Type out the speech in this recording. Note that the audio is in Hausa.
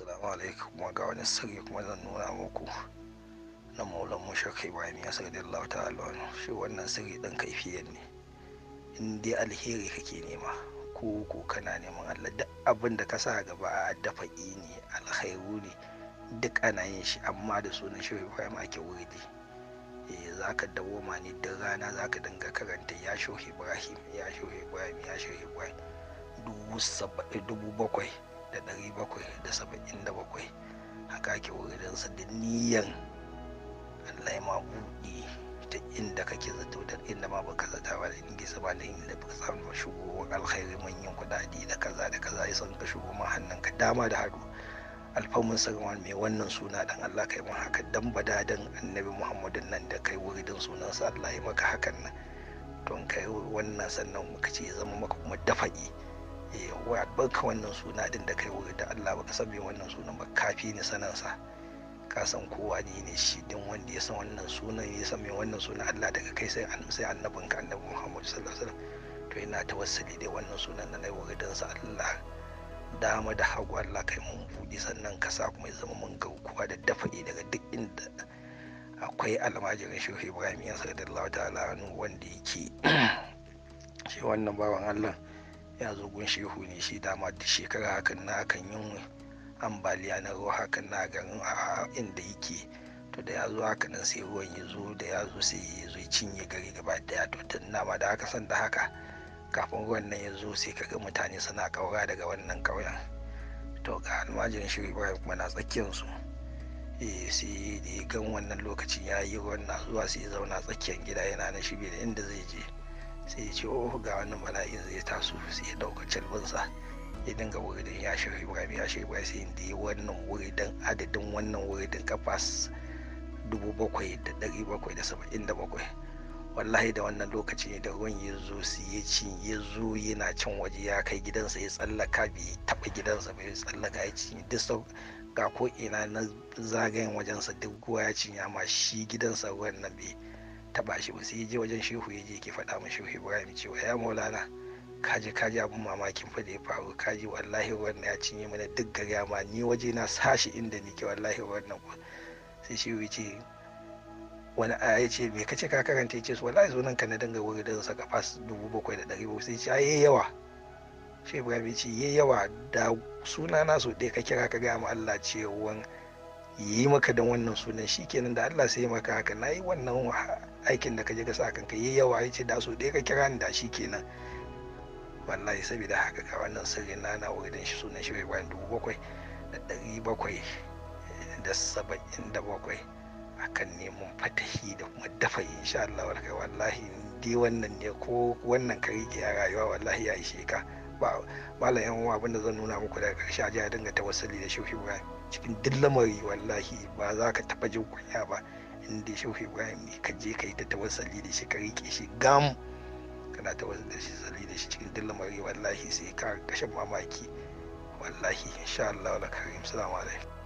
assalamu alaikum kuma ga wani sirri kuma zan nuna muku na maulan mushak ibrahim ya sarri Allah ta'ala shi wannan sirri din kaifiyar ne in dai alheri kake nema ko ko kana neman Allah duk abin da ka sa gaba a dafa ne alkhairu ne duk ana yin shi amma da sunan shi ibrahim ake wurdi eh, za ka ma ne duk rana za ka dinga karanta ya shohi ibrahim ya shohi ibrahim ya shohi ibrahim dubu bakwai da ɗari bakwai da saba'in da bakwai haka ake wuridansa da niyan allah ya ta inda kake zato da inda ma baka zata ba da inda da inda baka samu shigo alkhairi manyan kuɗaɗe da kaza da kaza ya san ka shigo ma hannun ka dama da hadu alfamun sarwan mai wannan suna dan Allah kai mun haka dan badadan annabi Muhammadun nan da kai wuridin sunansa Allah ya maka hakan nan don kai wannan sannan muka ce ya zama maka kuma dafaƙi. wa baka wannan suna ɗin da kai wuri da Allah baka san me wannan sunan ba kafi ni sanansa ka san kowa ne ne shi din wanda ya san wannan sunan ya san me wannan sunan Allah daga kai sai sai annabin ka annabi Muhammad sallallahu alaihi wasallam to ina tawassuli da wannan sunan na nayi wuri dan sa Allah dama da hagu Allah kai mun buɗe sannan ka sa kuma ya zama mun kuwa da dafa'i daga duk inda akwai almajirin shehu ibrahim yan sallallahu ta'ala wanda yake shi wannan bawan Allah ya zo gun shehu ne shi dama da shekara hakan na kan yin ambaliya na ruwa hakan na garin a inda yake to da ya zo haka nan sai ruwan ya zo da ya zo sai ya zo cinye gari gaba daya to tun nama da haka san da haka kafin ruwan nan ya zo sai kaga mutane suna kaura daga wannan kauyen to ga almajirin shi ibrahim kuma na tsakiyarsu eh sai da ya gan wannan lokacin ya yi ruwan na zuwa sai ya zauna tsakiyar gida yana na shi da inda zai je sai ya ce oh ga wannan mala'in zai taso sai ya dauka calbinsa ya dinga wuridin ya shi ibrahim ya shi ibrahim sai da ya wannan wuridin adadin wannan wuridin kafas dubu bakwai da dari bakwai da saba'in da bakwai wallahi da wannan lokaci ne da ruwan ya zo su ya ci ya zo yana cin waje ya kai gidansa ya tsallaka bai taɓa gidansa bai tsallaka ya ci duk ga ko ina na zagayen wajensa duk ruwa ya cinya ma shi gidansa ruwan nan bai taba shi ba sai ya je wajen shehu ya je ke faɗa ma shehu ibrahim cewa ya maulana kaji kaji abin mamakin fa da ya faru kaji wallahi wannan ya cinye mana duk gari ma ni waje na sashi inda ke wallahi wannan ku sai shi ya ce wani aya ya ce me kace ka karanta ya ce su wallahi zo nan ka na danga wuri da saka fas dubu bakwai da ɗari sai ce ai yawa shi ibrahim ya ce yayi yawa da suna na so ɗaya ka kira ka gaya ma allah cewa yi maka da wannan sunan shi kenan da Allah sai maka haka na yi wannan aikin da ka je ka sa kanka yi yawa ya ce da so ɗaya ka kira ni da shi kenan wallahi saboda haka ga wannan sirri na na wurin shi sunan shi bayan dubu bakwai da ɗari bakwai da saba'in da bakwai akan neman fatahi da kuma dafa insha Allah wallahi wallahi dai wannan ne ko wannan ka rike a rayuwa wallahi ya ishe ka ba malam yan uwa abinda zan nuna muku daga karshe a jiya dinga tawassuli da shehu ibrahim cikin duk lamari wallahi ba za ka taba jin kunya ba inda shehu ibrahim ne ka je ka yi ta tawassuli da shi ka rike shi gam kana tawassuli da shi zali da shi cikin duk lamari wallahi sai ka kashe mamaki wallahi insha Allah wala karim salamu alaikum